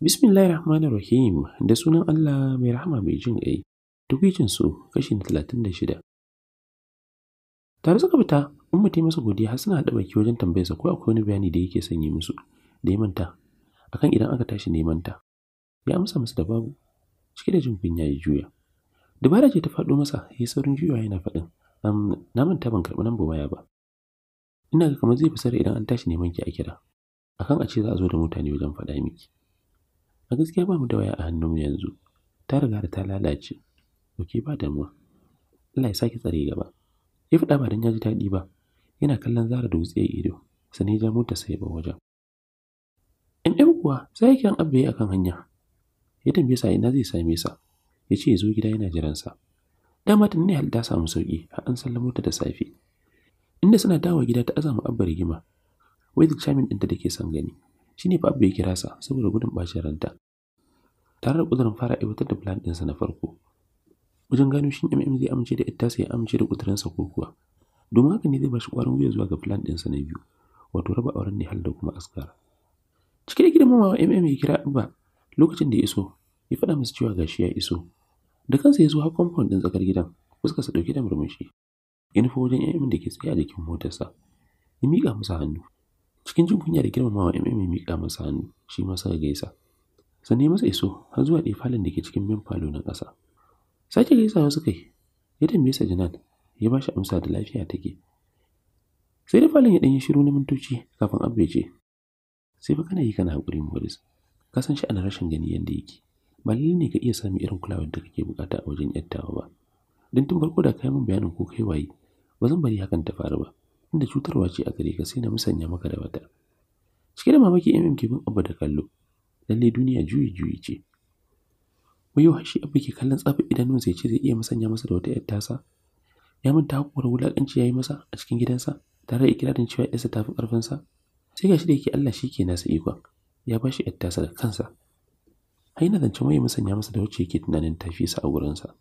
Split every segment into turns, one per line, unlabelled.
Bismillahir Rahmanir Rahim da sunan Allah mai rahama mai jin ƙai. Tukwicin su kashi na talatin da shida. Tare suka fita, in mutu masa godiya har suna haɗa baki wajen tambayarsa ko akwai wani bayani da yake son yi musu da ya manta akan idan aka tashi neman ta. Ya amsa masa da babu, cike da jin kunya ya juya. Dabara ce ta faɗo masa, ya saurin juyawa yana faɗin. na manta ban karɓi lambar waya ba ina ga kamar zai fi sarai idan an tashi neman ki a kira akan a ce za a zo da mutane wajen faɗa miki a gaskiya ba mu da waya a hannunmu yanzu ta riga da ta lalace oke ba damuwa Allah ya sake tsare gaba ya faɗa ba don ya ji daɗi ba yana kallon zara da wutsiyar ido sani ya mota sai ba wajen in ɗan kuwa sai ya kiran abba akan hanya ya tambaye sa ina zai same sa ya ce ya zo gida yana jiransa dama ta hali ta samu sauƙi har an sallamo ta da safe inda suna dawo gida ta azama abba rigima wai da chairman ɗinta da ke son gani shine fa abba ya kira sa saboda gudun ɓacin ranta tare da ƙudurin fara aiwatar da plan ɗinsa na farko wajen gano shin mm zai amince da ita sai ya amince da sa ko kuwa domin haka ne zai bashi shi ƙwarin gwiwa zuwa ga plan ɗinsa na biyu wato raba auren ne Nihal da kuma Askar. Cike da girmamawa MM ya kira Abba lokacin da ya iso, ya faɗa musu cewa gashi ya iso, dukansu ya zo har compound ɗin tsakar gidan fuskarsa ɗauke da murmushi ya wajen mm da ke tsaye a jikin motarsa ya miƙa masa hannu cikin jin kunya da girmamawa mm ya miƙa masa hannu shi ma suka gaisa sannan ya masa iso har zuwa ɗaya falon da ke cikin min falo na ƙasa sake gaisawa suka yi ya tambaye sa janan ya ba shi amsa da lafiya take sai da falon ya ɗanyi shiru na mintoci kafin abba ya ce sai fa kana yi kana haƙuri morris ka san shi ana rashin gani yadda yake ba lallai ne ka iya samun irin kulawar da kake bukata a wajen yattawa ba don tun farko da kai min bayanin ko kai waye ba zan bari hakan ta faru ba inda cutarwa ce a gare ka sai na musanya maka da wata cike da mamaki imin ke bin abu da kallo lallai duniya juyi juyi ce wayo hashi abu ke kallon tsafi idanun sai ce zai iya musanya masa da wata yar tasa ya manta hakuwar wulakanci yi masa a cikin gidansa tare da ikirarin cewa yarsa ta fi karfinsa sai gashi da yake Allah shi ke nasa ikon ya bashi yar tasa da kansa a yana zance waye musanya masa da wacce yake tunanin ta fi sa a wurinsa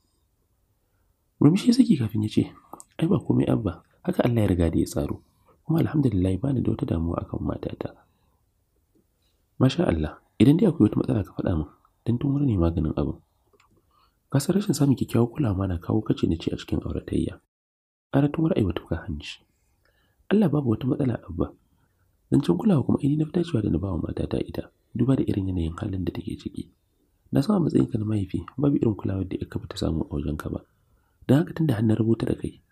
murmushi saki kafin ya ce ai ba komai abba haka Allah ya riga da ya tsaro kuma alhamdulillah bani da wata damuwa akan matata masha Allah idan dai akwai wata matsala ka faɗa min dan tun wurin ne maganin abin kasar rashin samun kyakkyawar kulawa na kawo kace na ce a cikin auratayya ara tun ra'ayi wata ka hanci Allah babu wata matsala abba zancen kulawa kuma ini na fi da na bawa matata ita duba da irin yanayin halin da take ciki na sama matsayin ka na mahaifi babu irin kulawa da kaba ta samu a wajen ka ba don haka tunda har na rubuta da kai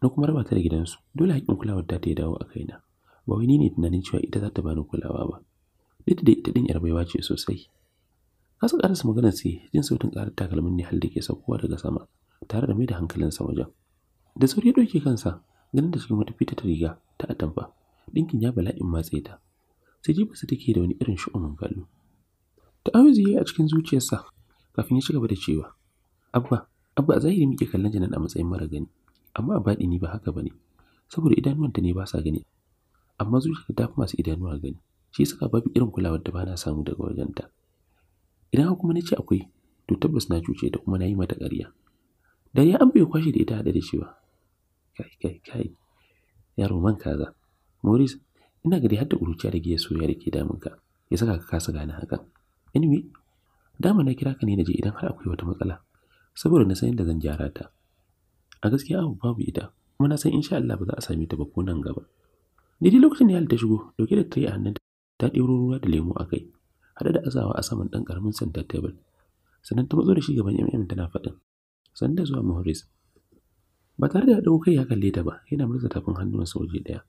na kuma raba ta da gidansu dole haƙƙin kulawar ta ta dawo a kaina ba wai ni ne tunanin cewa ita za ta bani kulawa ba duk da ita din yar baiwa ce sosai kasa karasa maganar sai jin sautin karar takalmin ne hal da ke saukowa daga sama tare da mai da hankalinsa wajen da sauri ya ɗauke kansa ganin da cikin wata fita ta riga ta atamfa ɗinkin ya bala'in matse ta sai jibarsa take da wani irin shu'umin kallo ta ya yi a cikin zuciyarsa kafin ya ci gaba da cewa, Abba, Abba a zahiri muke kallon janan a matsayin mara gani, amma a baɗi ni ba haka ba ne, saboda idanuwanta ne ba sa gani. Amma zuciyar ta fi masu idanuwa gani, shi saka babu irin kulawar da ba na samu daga wajenta. Idan kuma na ce akwai, to tabbas na cuce ta kuma na yi mata ƙarya. Dariya an bai kwashe da ita haɗa da cewa, kai kai kai, yaro man kaza. Maurice, ina gari har da da giya soya da ke damunka, ya saka ka kasa gane hakan. anyway dama na kira ka ne naje idan har akwai wata matsala saboda na san yadda zan gyara ta a gaskiya abu babu ita kuma na san insha Allah ba za a sami ta ba ko nan gaba dai lokacin da ya ta shigo dauke da tray a hannunta ta ɗebo ruwa da lemo a kai haɗe da azawa a saman ɗan ƙaramin center table sannan ta matso da shi gaban mm tana faɗin sannan da zuwa Morris. ba tare da ya ɗauko kai ya kalle ta ba yana murza tafin hannuwansa waje ɗaya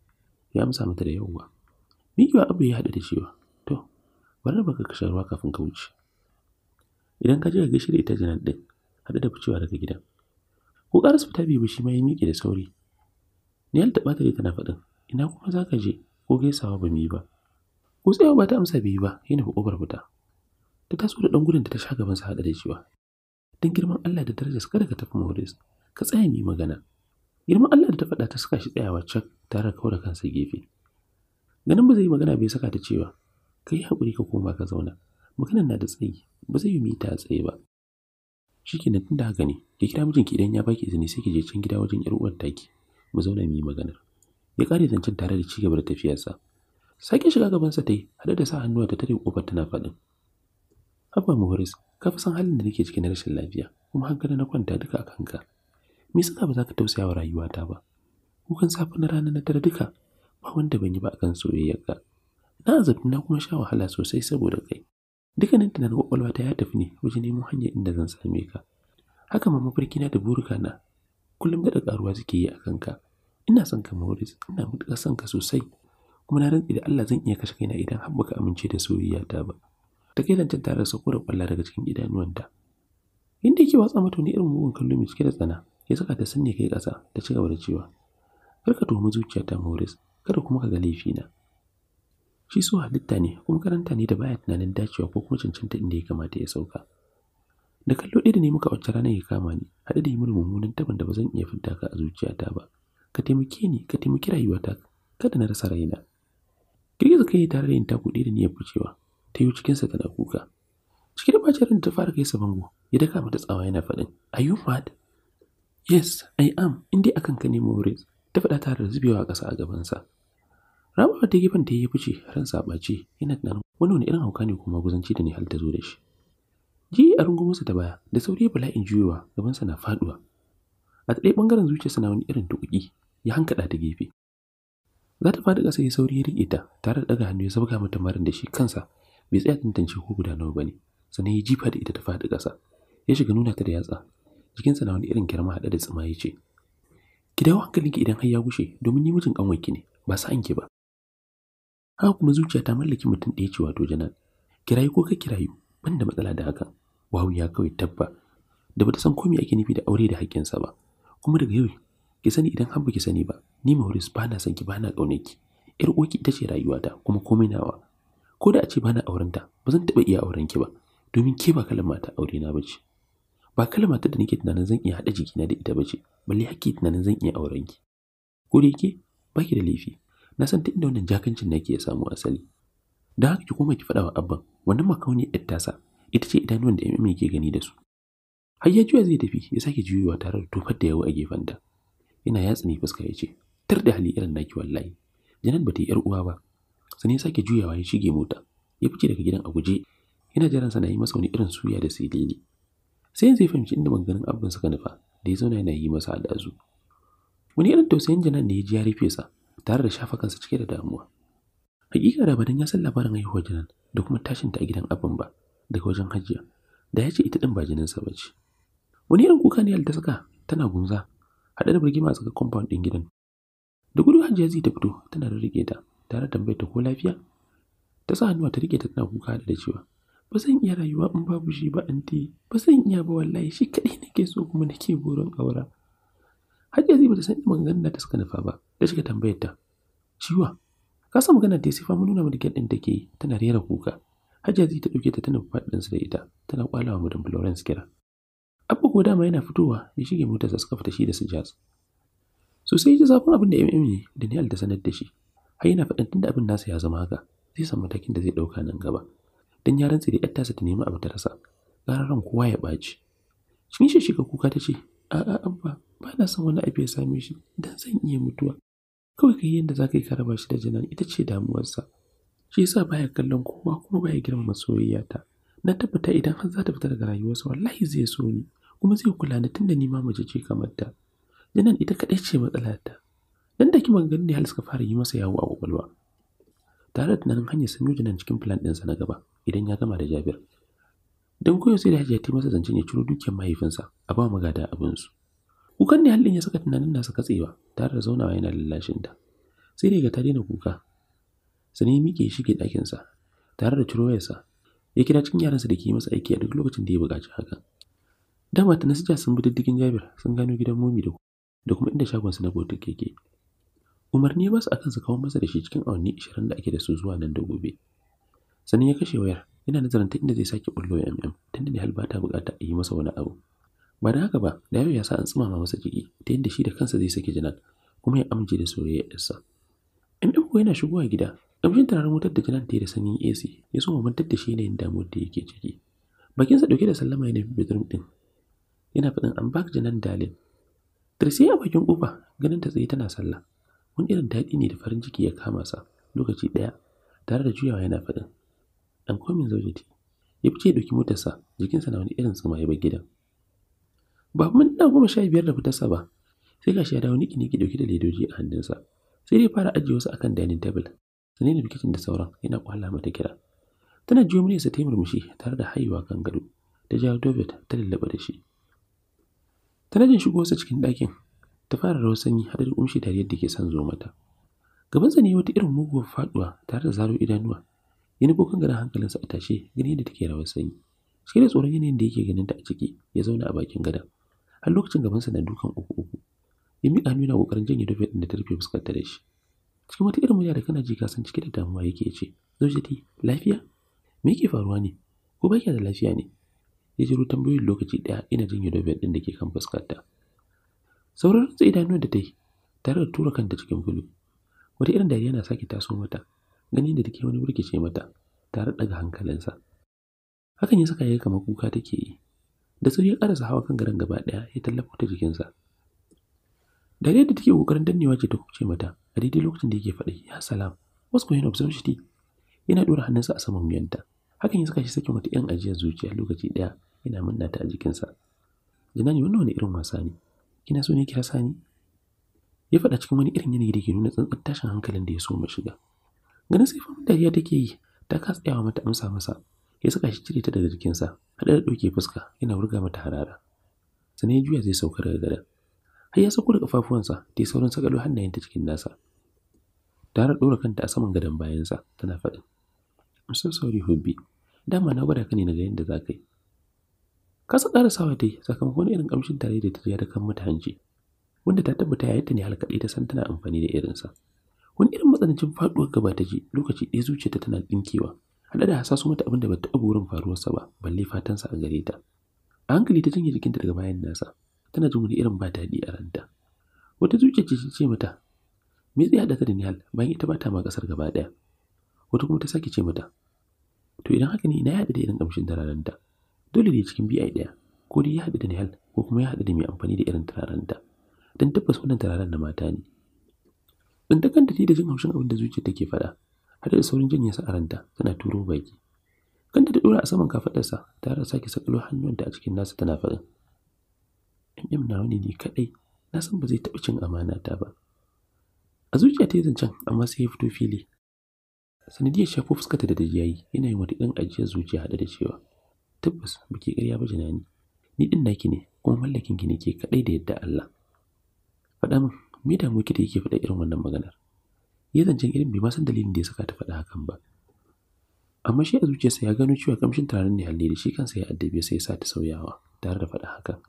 ya amsa mata da yawwa mikiwa abu ya haɗu da cewa bari baka kashe ruwa kafin ka wuce idan ka je ka gaishe da ita janar ɗin da ficewa daga gidan ko karasu fita biyu shi ma ya miƙe da sauri niyal ta ɓata tana faɗin ina kuma zaka je ko gaisawa ba mu yi ba ko tsaya ba ta amsa bai yi ba yana ƙofar fita ta taso da ɗan gudun da ta sha gaban sa da cewa dan girman Allah da darajar kada ka tafi Morris ka tsaya mu magana girman Allah da ta fada ta suka shi tsayawa cak tare da kawar da kansa gefe ganin ba zai magana bai saka ta cewa ka yi haƙuri ka koma ka zauna maganan na da tsayi ba zai yi mu ta tsaye ba shikenan tunda haka ne ki kira mijinki idan ya baki izini sai ki je can gida wajen yaruwar taki mu zauna mu yi maganar ya ƙare zancen tare da ci gaba da tafiyarsa sake shiga gabansa ta yi haɗe da sa hannuwa ta tare kofar tana faɗin mu horis ka fi san halin da nake cikin rashin lafiya kuma hankali na kwanta duka a kanka me yasa ba za ka tausaya wa rayuwata ba kukan safe na rana na tare duka ba wanda ban yi ba akan ka Na azabtu na kuma sha wahala sosai saboda kai. Dukkanin tunanin kwakwalwa ta ya tafi ne wajen nemo hanyar inda zan same ka. Haka ma mafarki na da burika na kullum daɗa karuwa suke yi a kanka. Ina son ka Maurice, ina matuƙar son ka sosai. Kuma na rantsi da Allah zan iya kashe kaina idan har baka amince da soyayya ta ba. Ta kai zancen tare da sako da kwalla daga cikin idanuwanta. Inda yake watsa mata wani irin mugun kallo mai cike da tsana, ya saka ta sanya kai ƙasa ta ci gaba da cewa, Kar ka tuhumi zuciyata Maurice, kada kuma ka ga laifina. shi so halitta ne kuma karanta ne da baya tunanin dacewa ko kuma cancanta inda ya kamata ya sauka da kallo ɗaya da ne muka wacce ranar ya kama ni haɗu da yi mini mummunan taban da ba zan iya fidda ka a zuciyata ba ka taimake ni ka taimaki rayuwata kada na rasa raina girgiza kai tare da yin taku ɗaya da ni ya ficewa ta yi cikinsa tana kuka cikin da bacin ran ta fara kai sa bango ya daka mata tsawa yana faɗin are you mad yes i am in dai akan ka ne maurice ta faɗa tare da zubewa ƙasa a gabansa Rabawa ta gefen ta yi fice ran sabaci yana tunanin wani wani irin hauka ne kuma guzanci da ne hal ta zo da shi. Ji a rungumarsa ta baya da sauri bala'in juyowa gabansa na faduwa. A ɗaya ɓangaren zuciyarsa na wani irin tuƙi ya hankaɗa ta gefe. Za ta faɗi ƙasa ya sauri ya riƙe ta tare da ɗaga hannu ya zabga mata marin da shi kansa bai tsaya tantance ko guda nawa ba ne sannan ya jifa da ita ta faɗi ƙasa ya shiga nuna ta da yatsa jikinsa na wani irin girma hada da tsima ya ce ki dawo hankalinki idan har ya gushe domin ni mijin ƙanwarki ne ba sa'anki ba haka kuma zuciya ta mallaki mutum ɗaya ce wato janar kirayu ko ka kirayu ban da matsala da hakan. wawu ya kawai tabba da bata san komai ake nufi da aure da haƙƙinsa ba kuma daga yau ki sani idan har baki sani ba ni Maurice ba na son ki ba na ƙaunar ki ƴar uwarki ita ce rayuwata kuma komai nawa ko da a ce ba na ta ba zan taɓa iya auren ki ba domin ke ba kalan mata aure na bace ba kalan mata da nake tunanin zan iya haɗa jikina da ita bace balle hakki tunanin zan iya auren ki ko da yake ki da laifi na san ta inda wannan jakancin nake ya samu asali Da haka ki koma ki faɗa wa abban wannan makauni yar tasa ita ce idanuwan da mm ke gani da su har ya juya zai tafi ya sake juyowa tare da tofar da yawo a ta yana yatsa ne fuska ya ce tar da hali irin naki wallahi janan ba ta yi yar uwa ba sani ya sake juyawa ya shige mota ya fice daga gidan a guje yana jiran sa na yi masa wani irin suya da silili sai zai fahimci inda maganganun abin suka nufa da ya zauna yana yi masa al'azu wani irin tausayin janan ne ya ji ya rufe sa tare da shafa kansa cike da damuwa hakika da ya san labarin haihuwar jinan da kuma tashin ta a gidan abin ba daga wajen hajiya da ya ce ita din ba jininsa ba ce wani irin kuka ne ta saka tana gunza haɗe da birgima a compound ɗin gidan da gudu hajiya zai ta fito tana da rike ta tare tambayar ta ko lafiya ta sa hannuwa ta rike ta tana kuka da cewa ba zan iya rayuwa in babu shi ba anti ba zan iya ba wallahi shi kaɗai nake so kuma nake burin aura hajiya zai bata san maganganun da ta suka nufa ba da suka tambayar ta ciwa ka san magana da sai fa mun nuna mu da din take tana rera kuka Hajiya ta dauke ta tana fadin su da ita tana kwalawa da Florence kira Abba ko dama yana fitowa ya shige motar sa suka fita shi da su jazz sosai ji zafin abin da MM ne da sanar da shi har yana fadin tunda abin nasa ya zama haka zai san matakin da zai ɗauka nan gaba dan yaran da ‘yar tasa ta nemi abu ta rasa ƙararren kowa ya baci shin shi shiga kuka ta ce a'a abba ba na son wani abu ya same shi dan zan iya mutuwa kawai yi yadda za ka yi ka shi da janan ita ce damuwarsa shi yasa baya kallon kowa kuma baya girmama soyayya ta na tabbata idan har za ta fita daga rayuwarsa wallahi zai so ni kuma zai kula ni tunda ni ma mace ce kamar ta janan ita kaɗai ce matsalata dan da kiman gani ne hal suka fara yi masa yawo a kwakwalwa tare da tunanin hanyar sanyo janan cikin plan ɗinsa na gaba idan ya gama da jabir don koyo sai da hajiya ta masa zancen ya ciro dukiyar mahaifinsa a ba magada abinsu kukan ne halin ya saka tunanin nasa katsewa tare da zaunawa yana lallashin ta sai daga ta daina kuka sani mike ya ke ɗakinsa tare da ciro wayarsa ya kira cikin yaransa da ke masa aiki a duk lokacin da ya buƙaci hakan dama ta nasija sun bi diddigin jabir sun gano gidan momi da kuma inda shagon su na botik keke. umarni ya basu akan su kawo masa da shi cikin awanni ashirin da ake da su zuwa nan da gobe sannan ya kashe wayar yana nazarin ta inda zai sake bullo ya mm tunda ne ba ta buƙata a yi masa wani abu ba da haka ba da ya sa an tsumama masa jiki ta yadda shi da kansa zai saki jinan, kuma ya amince da soyayyar yarsa in ko yana shigowa gida ƙamshin tararin wutar da jinan ta yi da sanyin ac ya so mamantar da shi yanayin damuwar da yake ciki bakinsa ɗauke da sallama ya nufi bedroom ɗin. yana faɗin an baka janan dalin tirsi a bakin ƙofa ganin ta tsaye tana sallah. Wani irin daɗi ne da farin ciki ya kama sa lokaci ɗaya tare da juyawa yana faɗin. Ɗan komin zaujati ya fice ya ɗauki motarsa jikinsa na wani irin tsumaye ba gidan. ba na goma sha biyar da fitarsa ba sai shi ya dawo niki-niki dauke da ledoji a hannunsa sai dai fara ajiye wasu akan dining table sanin da bikitin da sauran yana kwala mata kira tana jiyo muryarsa ta yi murmushi tare da haihuwa kan gado ta jawo David ta lallaba da shi tana jin wasu cikin ɗakin ta fara rawar sanyi haɗe da kumshi tare yadda ke son zo mata gabansa ne wata irin muguwar faɗuwa tare da zaro idanuwa ya nufo kan hankalinsa a tashe gani yadda take rawar sanyi cike da tsoron yanayin da yake ganin ta a ciki ya zauna a bakin gadan har lokacin gabansa na dukan uku uku ya miƙa hannu yana ƙoƙarin janye ɗin da ta rufe fuskarta da shi cikin wata irin murya da kana ji kasan cike da damuwa yake ce ti lafiya me yake faruwa ne ko baki da lafiya ne ya jiro tambayoyin lokaci ɗaya ina janye dufe ɗin da ke kan fuskarta sauran rantsa idanun da ta yi tare da tura kanta cikin bulu wata irin dariya na sake taso mata ganin da take wani burkice mata tare daga hankalinsa hakan ya saka ya kama kuka take yi da sauri ya karasa hawa kan garin gaba daya ya tallafa ta jikinsa da yadda take kokarin dannewa ce ta kuce mata a daidai lokacin da yake faɗi ya salam what's going on society yana ɗora hannunsa a saman wuyanta hakan ya saka shi sakin wata yan ajiyar zuciya lokaci daya yana manna ta a jikinsa jinani wannan wani irin wasa ne kina so ne kira sani ya faɗa cikin wani irin yanayi da ke nuna tsantsan tashin hankalin da ya so mu shiga ganin sai famin dariya take yi ta kasa tsayawa mata amsa masa ya saka shi cire ta daga jikinsa haɗe da ɗauke fuska yana wurga mata harara sani ya juya zai sauka daga gadon har ya sauko da ƙafafuwansa da ya sauran sakalo hannayenta cikin nasa tare ɗora kanta a saman gadon bayansa tana faɗin I'm sauri hubbi dama na gwada ka ne daga yadda za ka yi kasa ƙara sawa dai sakamakon irin ƙamshin tare da ta ya kan mata hanci wanda ta tabbata ya yadda ne halkaɗe ta san tana amfani da irinsa wani irin matsanancin faɗuwar gaba ta ji lokaci ɗaya zuciyarta tana ɗinkewa haɗe da hasaso mata abin da bata taɓa burin faruwarsa ba balle fatansa a gare ta a hankali ta janye jikinta daga bayan nasa tana jin wani irin ba daɗi a ranta wata zuciya ce ce mata me zai haɗa ta da Nihal bayan ita ba ta ma ƙasar gaba ɗaya wata kuma ta sake ce mata to idan haka ne ina ya da irin ƙamshin turarenta dole ne cikin bi'a ɗaya ko dai ya haɗu da Nihal ko kuma ya haɗu da mai amfani da irin turarenta don tabbas wannan turaren na mata ne tsintakanta ta da jin haushin abin da zuciya take faɗa har da saurin jin sa a ranta tana turo baki kanta ta dora a saman kafadarsa tare da sake sakalo da a cikin nasa tana faɗin mm na wani ne kaɗai na san ba zai taɓa cin amana ta ba a zuciya ta yi zancen amma sai ya fito fili sanadiyar shafo fuskata da dajiyayi yana yin wata ɗan ajiyar zuciya haɗe da cewa tabbas ba ke ƙarya ba jinani ni ɗin naki ne kuma mallakin ki ne ke kaɗai da yadda Allah faɗa min me damu ki da yake faɗa irin wannan maganar Ya zancen irin bai ma san dalilin da ya saka ta faɗa hakan ba amma shi a zuciyarsa ya gano cewa kamshin tunanin ne halli da shi kansa ya addabe sai ya sa ta sauyawa tare da faɗa hakan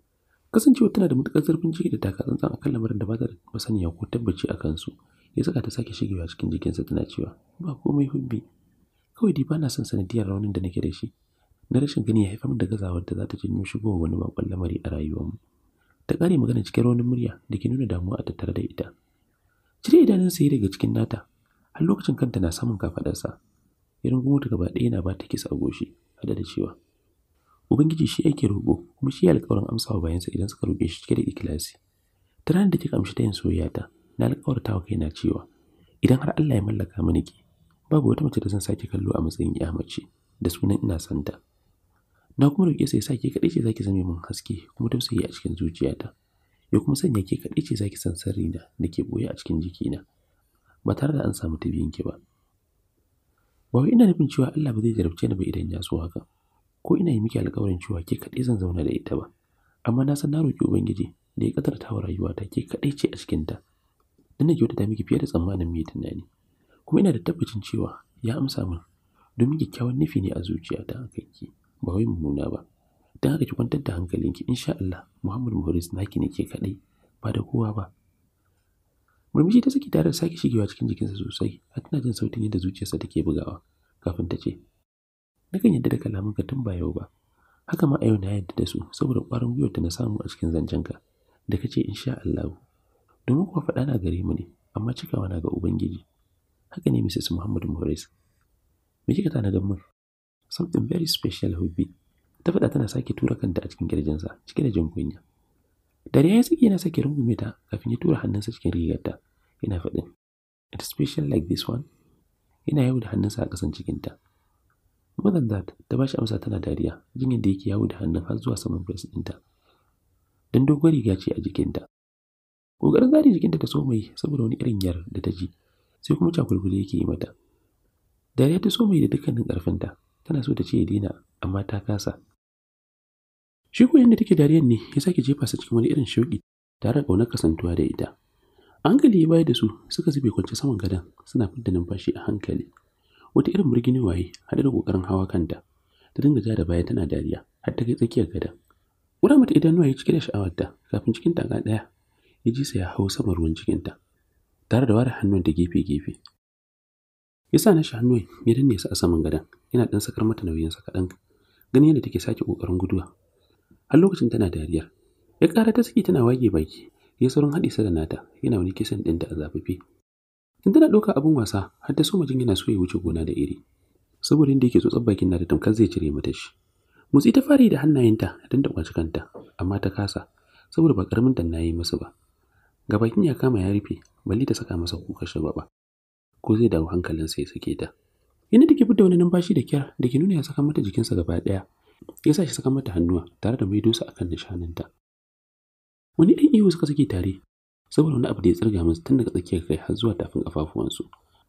kasancewa tana da matuƙar zurfin ciki da taka-tsantsan tsantsan akan lamarin da ba ta da masaniya ko tabbaci a kansu ya saka ta sake shigewa cikin jikinsa tana cewa ba komai hubbi kawai dai ba na son sanadiyar raunin da nake da shi na rashin gani ya haifar da gazawar da za ta janyo shigo wani bakon lamari a rayuwarmu ta ƙare magana cikin raunin murya da ke nuna damuwa a tattare da ita cire idanunsa ya daga cikin nata har lokacin kanta na samun kafadarsa irin kuma ta gaba ɗaya yana ba ta kisa agoshi goshi hada da cewa ubangiji shi yake roƙo kuma shi alƙawarin amsa wa bayansa idan suka roƙe shi cike da ikilasi ta ranar da kika amshi ta yin soyayya ta na ta wa kaina cewa idan har Allah ya mallaka mini ki babu wata mace da zan sake kallo a matsayin ya mace da sunan ina santa na kuma roƙe sai sake kaɗai ce zaki zame min haske kuma tausayi a cikin zuciyata ya kuma sanya ke kaɗai ce zaki san sirri na da ke ɓoye a cikin jikina ba tare da an samu tabiyin ki ba ba wai ina nufin cewa Allah ba zai jarabce ni ba idan ya so haka ko ina yi miki alƙawarin cewa ke kaɗai zan zauna da ita ba amma na san na roƙi ubangiji da ya kadarta wa rayuwata ke kaɗai ce a cikin ta dan nake wata miki fiye da tsammanin mai tunani kuma ina da tabbacin cewa ya amsa min domin kyakkyawan nufi ne a zuciyata a ki ba wai mummuna ba don haka ki kwantar da hankalinki insha Allah Muhammad Morris naki ne ke kadai ba da kowa ba murmushi ta saki tare da sake shigewa cikin jikinsa sosai har tana jin sautin yadda zuciyarsa take bugawa kafin ta ce nakan yadda da ka tun ba yau ba haka ma a yau na yadda da su saboda ƙwarin gwiwar da na samu a cikin zancenka da ce insha Allah domin kuwa faɗa na gare mu ne amma cikawa na ga ubangiji haka ne Mrs. Muhammad Morris me kika tana da mun something very special hubby ta faɗa tana sake tura kanta a cikin kirjinsa cike da jin kunya dariya ya saki yana sake rungume ta kafin ya tura hannunsa cikin rigarta yana faɗin it special like this one yana yau da hannunsa a ƙasan cikinta more than that ta bashi amsa tana dariya jin yadda yake yawo da hannun har zuwa saman breast ɗinta don dogon riga ce a jikinta ƙoƙarin zari jikinta ta so mai saboda wani irin yar da ta ji sai kuma cakulkuli yake yi mata dariya ta so mai da dukkanin ƙarfinta tana so ta ce ya daina amma ta kasa Shi ko yanda take dariyar ne ya sake jefa sa cikin wani irin shauƙi tare da ƙaunar kasantuwa da ita. A hankali ya da su suka zube kwance saman gadon suna fidda numfashi a hankali. Wata irin murgini waye hada da kokarin hawa kanta. Ta dinga ja da baya tana dariya har ta kai tsakiyar gadon. Ƙura mata idan ya cike da ta kafin cikin daga ɗaya ya ji sa ya hau saman ruwan cikin ta tare da ware hannun da gefe-gefe. Ya sa na nashi hannun ya danne su a saman gadon yana ɗan sakar mata nauyin sa kaɗan ganin yadda take sake ƙoƙarin guduwa har lokacin tana dariyar ya ƙara ta saki tana wage baki ya saurin haɗe sa da nata yana wani kisan ɗinta a zafafi tun tana ɗauka abin wasa har ta soma jin yana so ya wuce gona da iri saboda inda yake tsotsar bakin nata tamkar zai cire mata shi motsi ta fari da hannayenta don ta kwaci kanta amma ta kasa saboda ba ƙaramin na yi masa ba ga bakin ya kama ya rufe bali ta saka masa kuka shi ba ko zai dawo hankalinsa ya sake ta yana take fidda wani numfashi da kyar da ke nuna ya saka mata jikinsa gaba ɗaya ya sa shi saka mata hannuwa tare da maido su akan nishaninta wani ɗan ihu suka sake tare saboda wani abu da ya tsirga musu tun daga tsakiyar kai har zuwa tafin kafafuwansu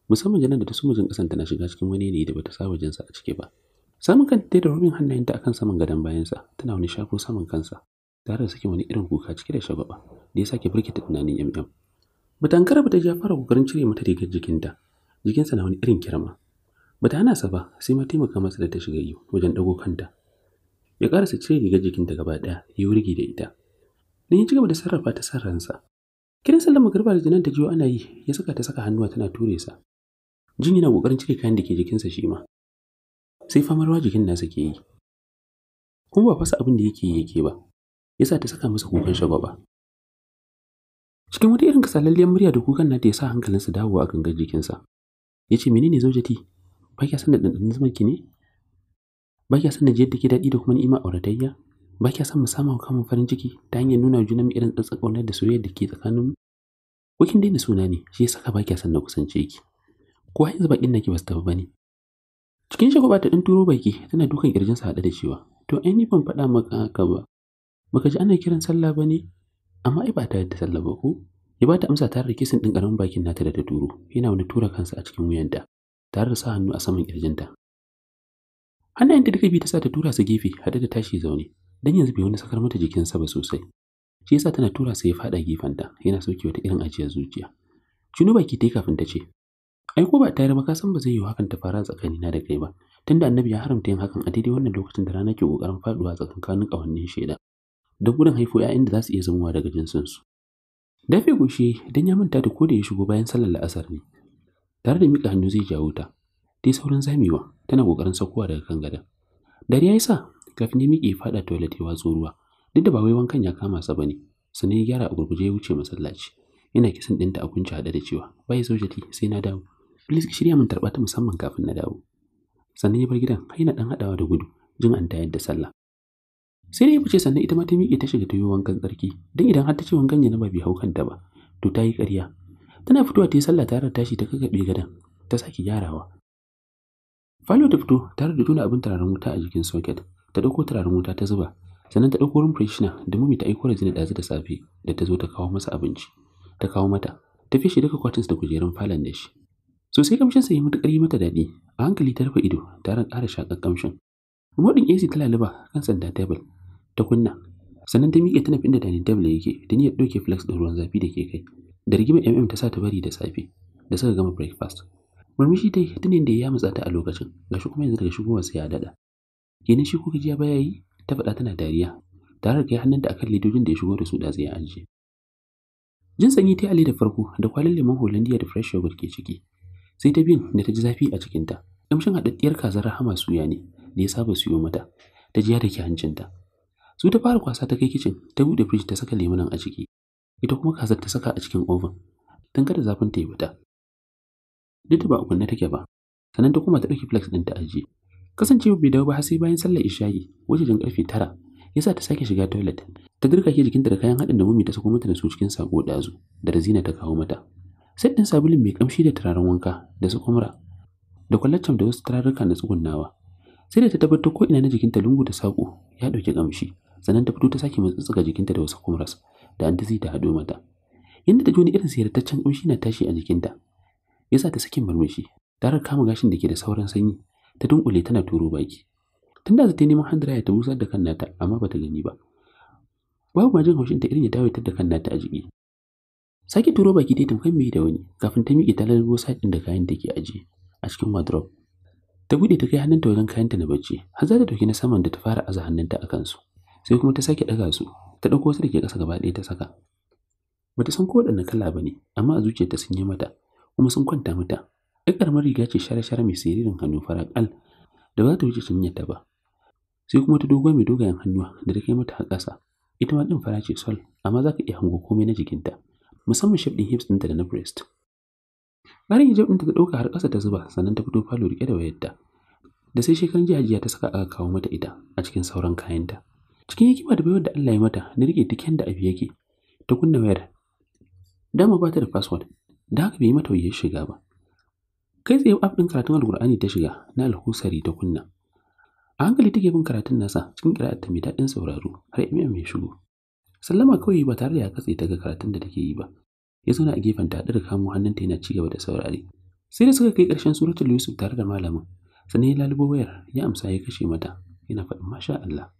musamman janar da ta suma jin ƙasan tana shiga cikin wani yanayi da bata saba jinsa a ciki ba samun kanta da rubin hannayenta akan saman gadon bayansa tana wani shafo saman kansa tare da sakin wani irin kuka cike da shagwaba da ya sake ta tunanin yamyam bata ankara bata ja fara kokarin cire mata rigar jikinta jikinsa na wani irin kirma bata hana sa ba sai ma taimaka masa da ta shiga iyo wajen dago kanta ya ƙarasa cire rigar jikinta gaba ɗaya ya wurgi da ita dan ya ci gaba da sarrafa ta san ransa kiran sallan magarba da janan ta jiyo ana yi ya saka ta saka hannuwa tana ture sa jin yana ƙoƙarin cire kayan da ke jikinsa shi ma sai famarwa jikin nasa ke yi kuma ba fasa abin da yake yi yake ba ya sa ta saka masa kukan shagwaba cikin wata irin kasalalliyar murya da kukan nata ya sa hankalinsa dawowa a gangar jikinsa ya ce menene zaujati ba kya san da ɗanɗanin zaman ki ne ba kya san da ke daɗi da kuma ni'ima auratayya ba kya san mu samu farin ciki ta hanyar nuna juna mu irin tsatsa ƙaunar da soyayya da ke tsakanin mu ko kin daina suna ne shi ya saka ba kya san na kusance ki ko yanzu bakin naki ba su tafi bane cikin ba ta ɗan turo baki tana dukan kirjinsa haɗe da cewa to ai ni ban faɗa maka haka ba baka ji ana kiran sallah ba ne. amma ai ba ta yadda sallah ba ko ya ba ta amsa tare da kisan ɗin ƙaramin bakin nata da ta turo yana wani tura kansa a cikin wuyanta tare da sa hannu a saman kirjinta hannayen 'yanta duka biyu ta sa ta tura su gefe hade da tashi zaune dan yanzu bai wani sakar mata jikinsa ba sosai shi yasa tana tura su ya faɗa ta, yana sauke wata irin ajiyar zuciya Juno baki ta yi kafin ta ce, Ai, ko ba tare ba ka san ba zai yi hakan ta fara tsakanina da kai ba, tunda annabi ya haramta yin hakan a daidai wannan lokacin da rana ke ƙoƙarin faɗuwa tsakankanin kawannin shaida, don gudun haifo ‘ya'yan da za su iya zamowa daga jinsinsu. Dafe gushe don ya manta da ko da ya shigo bayan sallar la'asar ne, tare da miƙa hannu zai jawo ta, dai saurin zamewa tana kokarin saukowa daga kan gadon. dare ya sa kafin ya miƙe faɗa toilet ya watso ruwa duk da ba wai wankan ya kama sa bane sannan ya gyara a gurguje ya wuce masallaci Ina kisan ɗinta da kunci haɗe da cewa bai zo ki? sai na dawo please ki shirya min tarba ta musamman kafin na dawo sannan ya bar gidan har yana ɗan hadawa da gudu jin an tayar da sallah sai da ya fice sannan ita ma ta miƙe ta shiga ta yi wankan tsarki don idan har ta ce wankan ya naba bai haukan ta ba to ta yi ƙarya tana fitowa ta yi sallah tare da tashi ta kakaɓe gadon ta sake gyarawa Falo ta fito tare da tuna abin turaren wuta a jikin socket, ta ɗauko turaren wuta ta zuba, sannan ta ɗauko rum da mami ta aiko Razina ɗazu da safe da ta zo ta kawo masa abinci. Ta kawo mata, ta fishe duka kwatins da kujerun falon da shi. Sosai kamshinsa ya matuƙar yi mata daɗi, a hankali ta rufe ido tare ƙara shaƙar kamshin. Remote AC ta laluba kan sanda table, ta kunna, sannan ta miƙe ta nufi da dining table yake da niyyar ɗauke flex ɗin ruwan zafi da ke kai da rigimar mm ta sa ta bari da safe da suka gama breakfast murmushi ta yi ne da ya matsa ta a lokacin gashi kuma yanzu daga sai ya daɗa kenan shi ko gajiya baya yi ta faɗa tana dariya tare da kai hannunta akan ledojin da ya shigo da su ɗazu ya ajiye jin sanyi ta alli da farko da kwalin lemon hollandia da fresh yogurt ke ciki sai ta bin da ta ji zafi a cikinta ƙamshin haɗaɗɗiyar kazar rahama suya ne da ya saba siyo mata ta ji ya dake hancinta su ta fara kwasa ta kai kicin ta buɗe firij ta saka lemunan a ciki ita kuma kazar ta saka a cikin oven don kada zafin ta yi wuta duk da ba a kunne take ba sannan ta koma ta ɗauki flex ɗin ta ajiye kasancewa bai dawo ba har sai bayan sallar isha'i jin karfe tara yasa ta sake shiga toilet ta dirka ke jikinta da kayan haɗin da mummy ta sako mata da su cikin sako ɗazu da razina ta kawo mata sai ɗin sabulin mai kamshi da turaren wanka da su kumra da kwallaccam da wasu turarruka da tsugunnawa sai da ta tabbatar ko ina na jikinta lungu da sako ya ɗauki kamshi sannan ta fito ta sake mutsutsuka jikinta da wasu kumras da antazi ta haɗo mata yadda ta ji wani irin siyartaccen kamshi na tashi a jikinta ya sa ta sakin murmushi tarar kama gashin da ke da sauran sanyi ta dunkule tana turo baki tun da ta neman handraya ta busar da kan nata amma bata gani ba babu majin haushin ta irin ya dawaitar da kan nata a jiki sake turo baki ta tamkan mai da wani kafin ta miƙe talar ruwa sakin da kayan take aje a cikin wardrobe ta bude ta kai hannunta wajen kayanta na bacci har za ta dauki na saman da ta fara aza hannunta a kansu sai kuma ta sake daga su ta dauko su da ke kasa gaba ɗaya ta saka bata san ko waɗanne kala ba ne amma a zuciyarta sun yi mata kuma sun kwanta mata ai karamar riga ce share-share mai siririn hannu al. da ba za ta wuce cinyarta ba sai kuma ta doguwa mai dogayen hannuwa da ta kai mata a ƙasa ita ma ɗin fara ce sol amma za ka iya hango komai na jikinta musamman shaf ɗin hips ɗinta da na breast ƙarin hijab ɗinta ta ɗauka har ƙasa ta zuba sannan ta fito falo riƙe da wayarta da sai shekaran jiya jiya ta saka aka kawo mata ita a cikin sauran kayanta cikin hikima da baiwar da Allah ya mata na riƙe duk yanda abu yake ta kunna wayar dama ba ta da password da haka bai mata wuyar shiga ba kai tsaye app din karatun alkur'ani ta shiga na alhusari ta kunna a hankali take bin karatun nasa cikin ta mai ɗin sauraro har imam mai shigo sallama kawai ba tare da ya katse ta ga karatun da take yi ba ya zauna a gefen ta da kamo hannunta yana ci gaba da saurare sai da suka kai karshen suratul yusuf tare da malamin sannan ya lalubo wayar ya amsa ya kashe mata yana faɗin masha Allah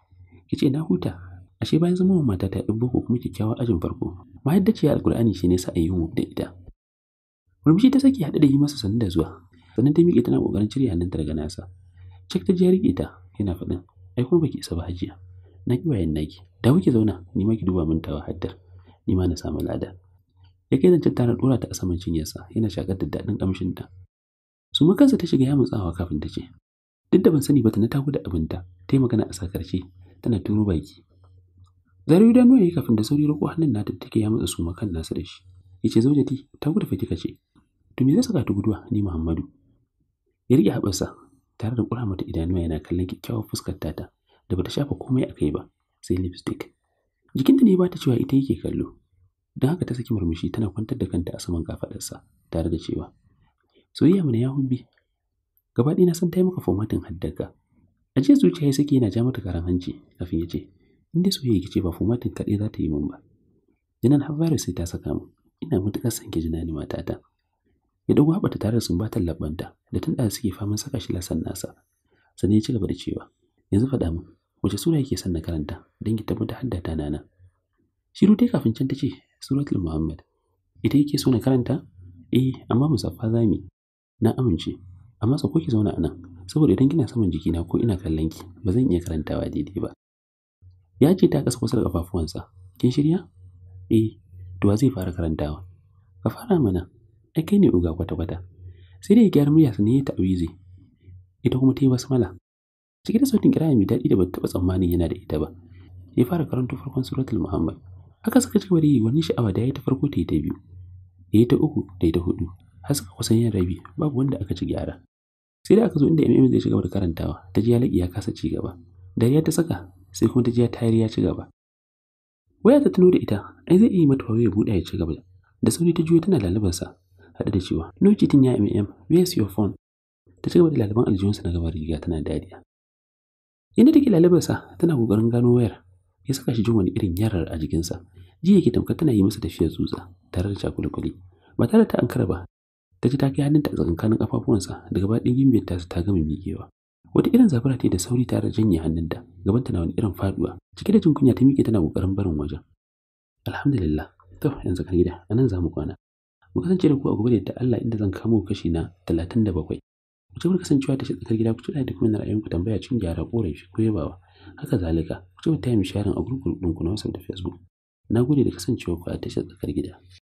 ki ce na huta ashe bayan zama mata ta ɗin boko kuma kyakkyawar ajin farko mahaiddaciyar alkur'ani shi ne sa ayyuhu da ita murmushi ta sake haɗu da yi masa sannu da zuwa sannan ta miƙe tana ƙoƙarin cire hannunta daga nasa cik ta jiyar ya riƙe ta yana faɗin ai kuma baki isa ba hajiya na ki bayan naki da kuke zauna ni ma ki duba min tawa haddar ni ma na samu lada ya kai zancen tana ɗora ta a saman sa yana shaƙar da daɗin ƙamshin ta su kansa ta shiga ya mutsawa kafin ta ce duk da ban sani ba ta na tagu da abinta ta yi magana a sakarce tana turo baki zarayu da nuna kafin da sauri roƙo hannun nata take ya matsa su kan nasa da shi ya ce zaujati ta gudu fa kika ce To me zai saka ta guduwa ni Muhammadu? Ya rike haɓarsa tare da ƙura mata idanuwa yana kallon kikkiawar fuskar tata da bata shafa komai a kai ba sai lipstick. Jikinta ne ba ta cewa ita yake kallo. Don haka ta saki murmushi tana kwantar da kanta a saman kafaɗarsa tare da cewa soyayya mana ya hubbi gaba ɗaya na san ta maka haddaka a jiya zuciya ya sake yana ja mata karan hanci kafin ya ce in dai soyayya ba fomatin kaɗai za ta yi min ba jinan har virus sai ta saka mu ina matuƙar sanke ki ni matata ya dan haɓata tare da sumbatar labanta da tun da suke faman saka shi lasan nasa sannan ya ci gaba da cewa yanzu faɗa min wace sura yake son na karanta don ki tabbatar haddata nana shiru dai kafin can ta ce suratul muhammad ita yake so na karanta eh amma musaffa zami na amince amma sako ki zauna anan saboda idan kina saman jikina ko ina kallon ki ba zan iya karantawa daidai ba ya ce ta kasa kusa da kafafuwansa kin shirya eh to zai fara karantawa ka fara mana ai kai ne uga kwata-kwata sai da ya gyara murya ne ya ta'awizi ita kuma ta yi mala. Ciki da sautin kira mai daɗi da ba taɓa tsammanin yana da ita ba ya fara karanto farkon suratul muhammad haka suka ci gaba da yi wani sha'awa da ya ta farko ta yi ta biyu ya yi ta uku da ya ta hudu har suka kusan yin rabi babu wanda aka ci gyara sai da aka zo inda mm zai ci gaba da karantawa ta ji ya laƙi ya kasa ci gaba Da ya ta saka sai kuma ta ji ya tayar ya ci gaba waya ta tuno da ita ai zai iya mata wayo ya buɗe ya ci gaba da sauri ta juyo tana lalubarsa haɗe da cewa no cheating ya mm where's your phone ta cigaba da lalaban aljihunsa na gaban riga tana dariya inda take lalabarsa tana kokarin gano wayar ya saka shi jin wani irin yarar a jikinsa ji yake tamkar tana yi masa tafiyar tsutsa tare da cakulikuli. ba tare ta ankara ba ta ji ta kai hannunta a tsakankanin kafafuwansa daga baɗin gimbiyar ta ta gama miƙewa wata irin zafira ta da sauri tare da janye hannunta gabanta na wani irin faduwa cike da jin ta miƙe tana kokarin barin wajen alhamdulillah to yanzu kan gida anan za kwana mu kasance da ku a gobe da Allah inda zan kamo kashi na talatin 37 ku ci kasancewa ta shi gida ku tura da kuma ra'ayinku tambaya cikin gyara korafi ko yabawa haka zalika ku ci ta yi misharin a ku na WhatsApp da Facebook na gode da kasancewa ku a tashar tsakar gida